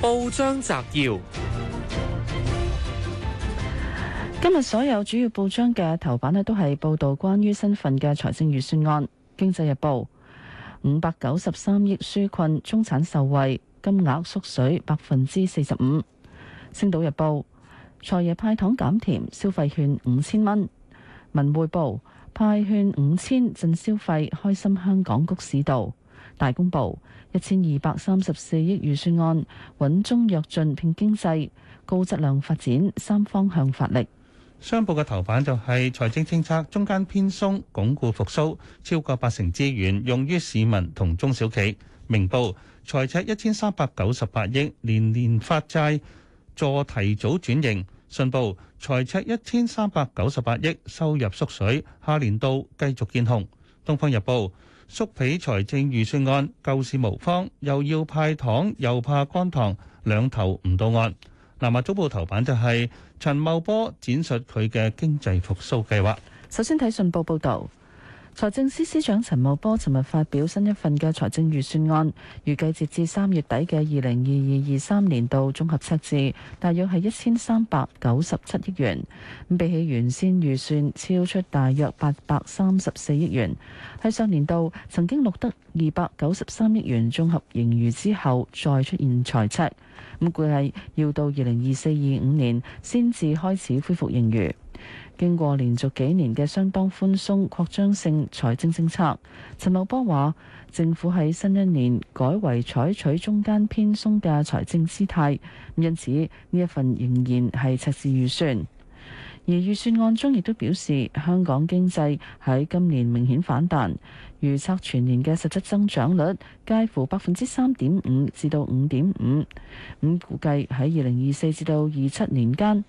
報章摘要：今日所有主要報章嘅頭版咧，都係報道關於身份嘅財政預算案。經濟日報：五百九十三億紓困中產受惠，金額縮水百分之四十五。星島日報：財爺派糖減甜，消費券五千蚊。文匯報：派券五千振消費，開心香港谷市道。大公報，一千二百三十四億預算案穩中躍進，拼經濟，高質量發展三方向發力。商報嘅頭版就係財政政策中間偏鬆，鞏固復甦，超過八成資源用於市民同中小企。明報，財赤一千三百九十八億，年年發債助提早轉型。信報，財赤一千三百九十八億，收入縮水，下年度繼續見紅。東方日報。縮皮財政預算案救市無方，又要派糖又怕乾糖，兩頭唔到岸。南亞早報頭版就係陳茂波展述佢嘅經濟復甦計劃。首先睇信報報導。財政司司長陳茂波尋日發表新一份嘅財政預算案，預計截至三月底嘅二零二二二三年度綜合赤字大約係一千三百九十七億元，比起原先預算超出大約八百三十四億元。喺上年度曾經錄得二百九十三億元綜合盈餘之後，再出現財赤，咁估計要到二零二四二五年先至開始恢復盈餘。經過連續幾年嘅相當寬鬆擴張性財政政策，陳茂波話政府喺新一年改為採取中間偏鬆嘅財政姿態，因此呢一份仍然係赤字預算。而預算案中亦都表示，香港經濟喺今年明顯反彈，預測全年嘅實質增長率介乎百分之三點五至到五點五，咁估計喺二零二四至到二七年間。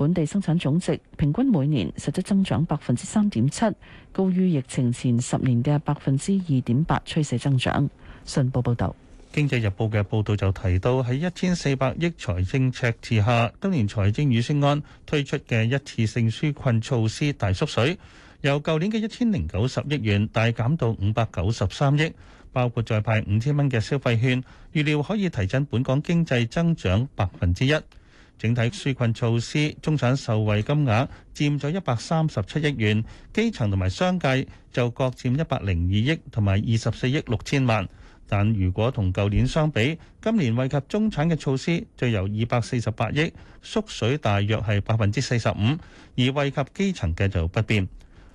本地生產總值平均每年實質增長百分之三點七，高於疫情前十年嘅百分之二點八趨勢增長。信報報道。經濟日報嘅報道就提到，喺一千四百億財政赤字下，今年財政預算案推出嘅一次性紓困措施大縮水，由舊年嘅一千零九十億元大減到五百九十三億，包括再派五千蚊嘅消費券，預料可以提振本港經濟增長百分之一。整體紓困措施，中產受惠金額佔咗一百三十七億元，基層同埋商界就各佔一百零二億同埋二十四億六千萬。但如果同舊年相比，今年惠及中產嘅措施就由二百四十八億，縮水大約係百分之四十五，而惠及基層嘅就不變。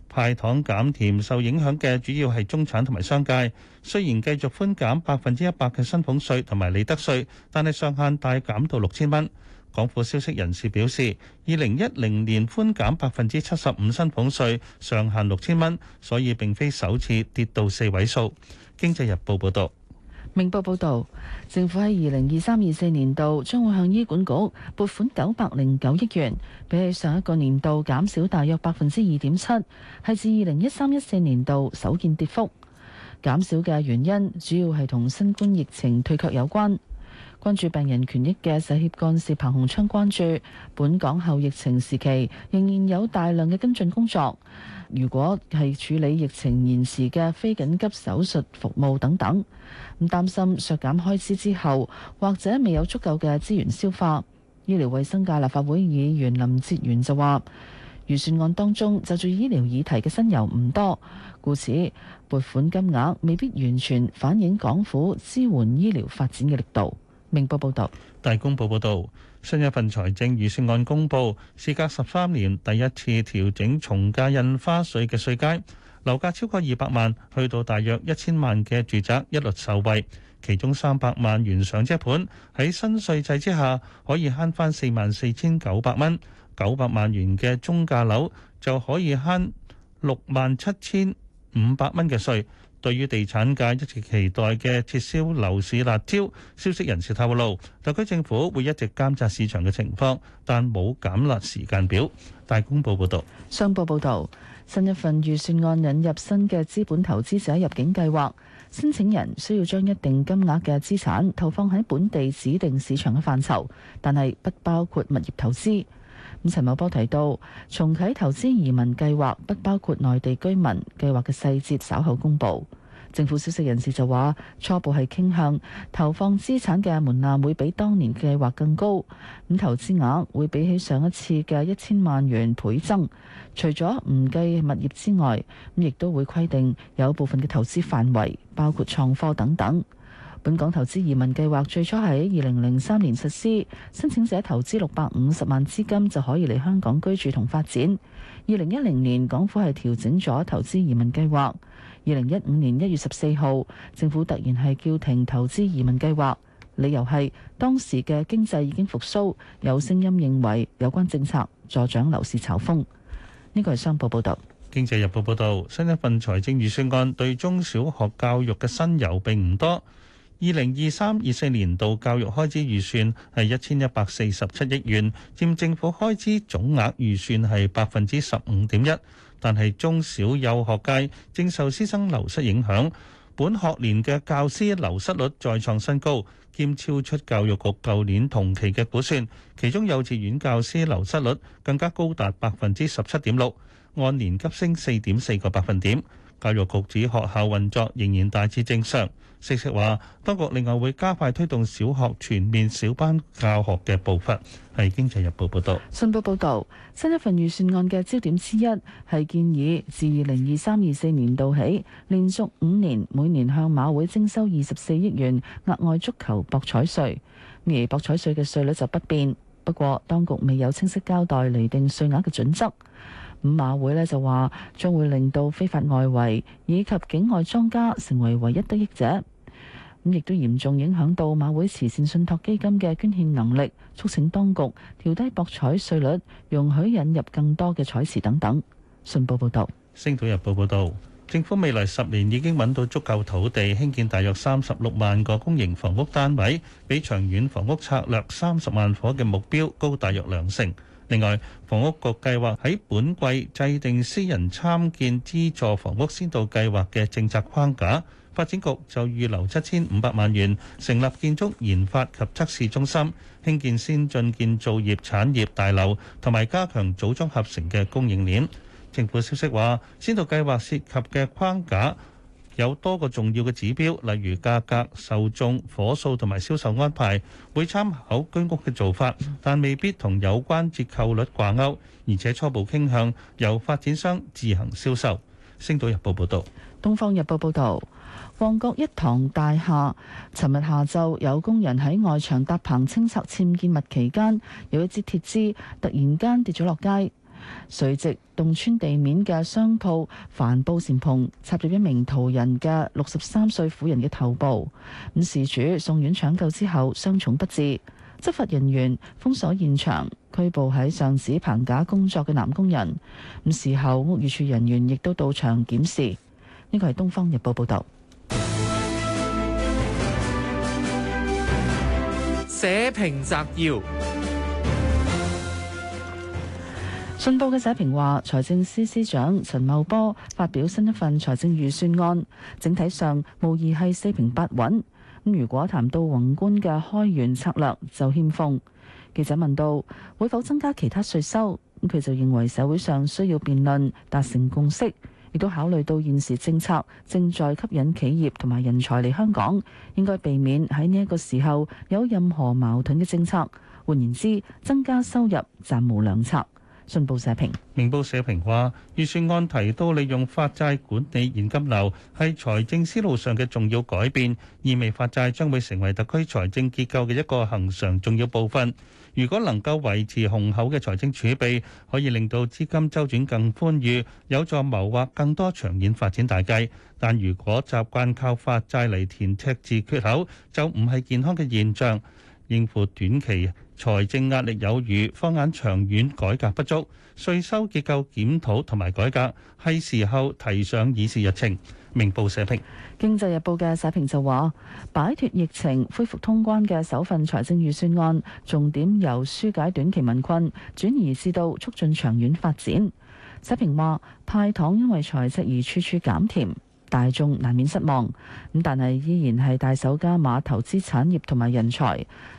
派糖減甜受影響嘅主要係中產同埋商界，雖然繼續寬減百分之一百嘅薪俸稅同埋利得稅，但係上限大減到六千蚊。港府消息人士表示，二零一零年寬減百分之七十五薪俸稅上限六千蚊，所以並非首次跌到四位數。經濟日報報道。明報報道，政府喺二零二三二四年度將會向醫管局撥款九百零九億元，比起上一個年度減少大約百分之二點七，係自二零一三一四年度首見跌幅。減少嘅原因主要係同新冠疫情退卻有關。關注病人權益嘅社協幹事彭洪昌關注本港後疫情時期仍然有大量嘅跟進工作。如果係處理疫情延遲嘅非緊急手術服務等等，唔擔心削減開支之後或者未有足夠嘅資源消化。醫療衛生界立法會議員林哲元就話：預算案當中就住醫療議題嘅新猷唔多，故此撥款金額未必完全反映港府支援醫療發展嘅力度。明報報道，大公報報道，新一份財政預算案公布，事隔十三年第一次調整重價印花稅嘅稅階，樓價超過二百萬去到大約一千萬嘅住宅一律受惠，其中三百萬元上車盤喺新稅制之下可以慳翻四萬四千九百蚊，九百萬元嘅中價樓就可以慳六萬七千五百蚊嘅稅。對於地產界一直期待嘅撤銷樓市辣招，消息人士透露，特區政府會一直監察市場嘅情況，但冇減辣時間表。大公報報道，商報報道，新一份預算案引入新嘅資本投資者入境計劃，申請人需要將一定金額嘅資產投放喺本地指定市場嘅範疇，但係不包括物業投資。咁陳茂波提到，重啟投資移民計劃不包括內地居民，計劃嘅細節稍後公布。政府消息人士就話，初步係傾向投放資產嘅門檻會比當年計劃更高。咁投資額會比起上一次嘅一千萬元倍增，除咗唔計物業之外，亦都會規定有部分嘅投資範圍包括創科等等。本港投資移民計劃最初喺二零零三年實施，申請者投資六百五十萬資金就可以嚟香港居住同發展。二零一零年，港府係調整咗投資移民計劃。二零一五年一月十四號，政府突然係叫停投資移民計劃，理由係當時嘅經濟已經復甦，有聲音認為有關政策助長樓市炒風。呢個係商報報導，《經濟日報》報導，新一份財政預算案對中小學教育嘅新猷並唔多。二零二三二四年度教育開支預算係一千一百四十七億元，佔政府開支總額預算係百分之十五點一。但係中小幼學界正受師生流失影響，本學年嘅教師流失率再創新高，兼超出教育局舊年同期嘅估算。其中幼稚園教師流失率更加高達百分之十七點六，按年急升四點四個百分點。教育局指學校運作仍然大致正常。消息話，當局另外會加快推動小學全面小班教學嘅步伐。係《經濟日報》報道，《信報》報道，新一份預算案嘅焦點之一係建議自二零二三、二四年度起，連續五年每年向馬會徵收二十四億元額外足球博彩稅，而博彩稅嘅稅率就不變。不過，當局未有清晰交代釐定稅額嘅準則。五馬會呢就話，將會令到非法外圍以及境外莊家成為唯一得益者，咁亦都嚴重影響到馬會慈善信託基金嘅捐獻能力，促請當局調低博彩稅率，容許引入更多嘅彩池等等。信報報導，《星島日報》報導，政府未來十年已經揾到足夠土地興建大約三十六萬個公營房屋單位，比長遠房屋策略三十萬伙嘅目標高大約兩成。另外，房屋局計劃喺本季制定私人參建資助房屋先導計劃嘅政策框架，發展局就預留七千五百萬元成立建築研發及測試中心，興建先進建造業產業大樓，同埋加強組裝合成嘅供應鏈。政府消息話，先導計劃涉及嘅框架，有多個重要嘅指標，例如價格、受眾、火數同埋銷售安排，會參考居屋嘅做法，但未必同有關折扣率掛鈎，而且初步傾向由發展商自行銷售。星島日報報道，東方日報報道，旺角一堂大廈，尋日下晝有工人喺外牆搭棚清拆僭建物期間有一支鐵枝突然間跌咗落街。垂直洞穿地面嘅商鋪帆布檐篷插入一名途人嘅六十三歲婦人嘅頭部。咁事主送院搶救之後，傷重不治。執法人員封鎖現場，拘捕喺上址棚架工作嘅男工人。咁事後，屋宇署人員亦都到場檢視。呢個係《東方日報》報道。寫評摘要。《信報》嘅社評話，財政司司長陳茂波發表新一份財政預算案，整體上無疑係四平八穩。咁如果談到宏觀嘅開源策略就欠奉。記者問到會否增加其他稅收，咁佢就認為社會上需要辯論，達成共識，亦都考慮到現時政策正在吸引企業同埋人才嚟香港，應該避免喺呢一個時候有任何矛盾嘅政策。換言之，增加收入暫無良策。信報社評，明報社評話，預算案提到利用發債管理現金流，係財政思路上嘅重要改變，意味發債將會成為特區財政結構嘅一個恒常重要部分。如果能夠維持雄厚嘅財政儲備，可以令到資金週轉更寬裕，有助謀劃更多長遠發展大計。但如果習慣靠發債嚟填赤字缺口，就唔係健康嘅現象，應付短期財政壓力有餘，放眼長遠改革不足，稅收結構檢討同埋改革係時候提上議事日程。明報社評，《經濟日報》嘅社評就話：擺脱疫情，恢復通關嘅首份財政預算案，重點由疏解短期民困轉移至到促進長遠發展。社評話：派糖因為財赤而處處減甜。大眾難免失望咁，但係依然係大手加碼投資產業同埋人才，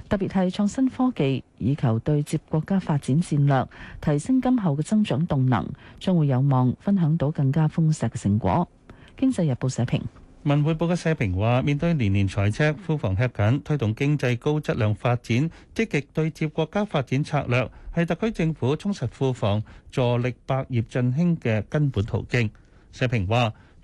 特別係創新科技，以求對接國家發展戰略，提升今後嘅增長動能，將會有望分享到更加豐碩嘅成果。經濟日報社評。文匯報嘅社評話：面對年年財赤、庫房吃緊，推動經濟高質量發展，積極對接國家發展策略，係特區政府充實庫房、助力百業振興嘅根本途徑。社評話。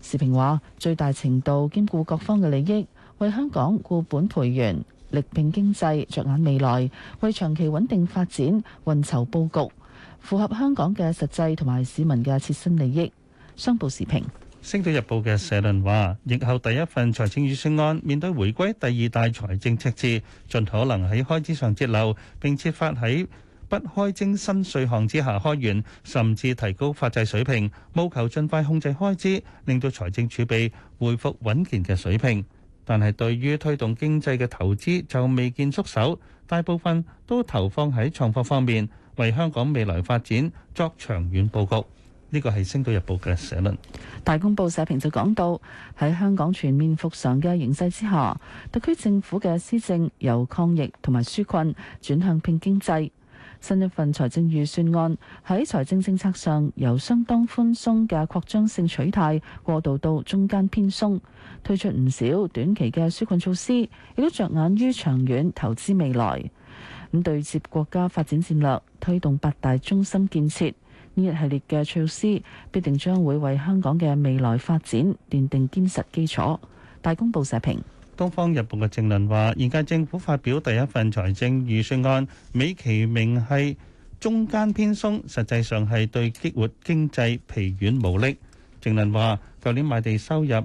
時評話，最大程度兼顧各方嘅利益，為香港固本培元、力拼經濟、着眼未來，為長期穩定發展運籌佈局，符合香港嘅實際同埋市民嘅切身利益。商報時評，《星島日報》嘅社論話，疫後第一份財政預算案面對回歸第二大財政赤字，盡可能喺開支上節流，並設法喺，不開徵新稅項之下開源，甚至提高法制水平，務求盡快控制開支，令到財政儲備恢復穩健嘅水平。但係對於推動經濟嘅投資就未見縮手，大部分都投放喺創科方面，為香港未來發展作長遠佈局。呢、這個係《星島日報》嘅社論。大公報社評就講到喺香港全面復常嘅形勢之下，特區政府嘅施政由抗疫同埋紓困轉向拼經濟。新一份財政預算案喺財政政策上由相當寬鬆嘅擴張性取態過渡到中間偏鬆，推出唔少短期嘅紓困措施，亦都着眼於長遠投資未來。咁對接國家發展戰略，推動八大中心建設呢一系列嘅措施，必定將會為香港嘅未來發展奠定堅實基礎。大公報社評。《東方日報》嘅評論話：現屆政府發表第一份財政預算案，美其名係中間偏鬆，實際上係對激活經濟疲軟無力。評論話：舊年賣地收入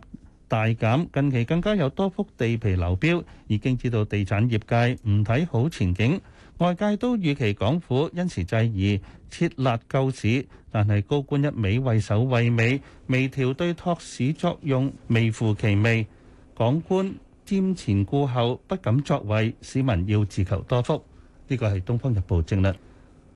大減，近期更加有多幅地皮流標，已經知道地產業界唔睇好前景。外界都預期港府因時制宜設立救市，但係高官一味畏首畏尾，微調對托市作用微乎其微。港官。瞻前顧後，不敢作為，市民要自求多福。呢個係《東方日報》正論。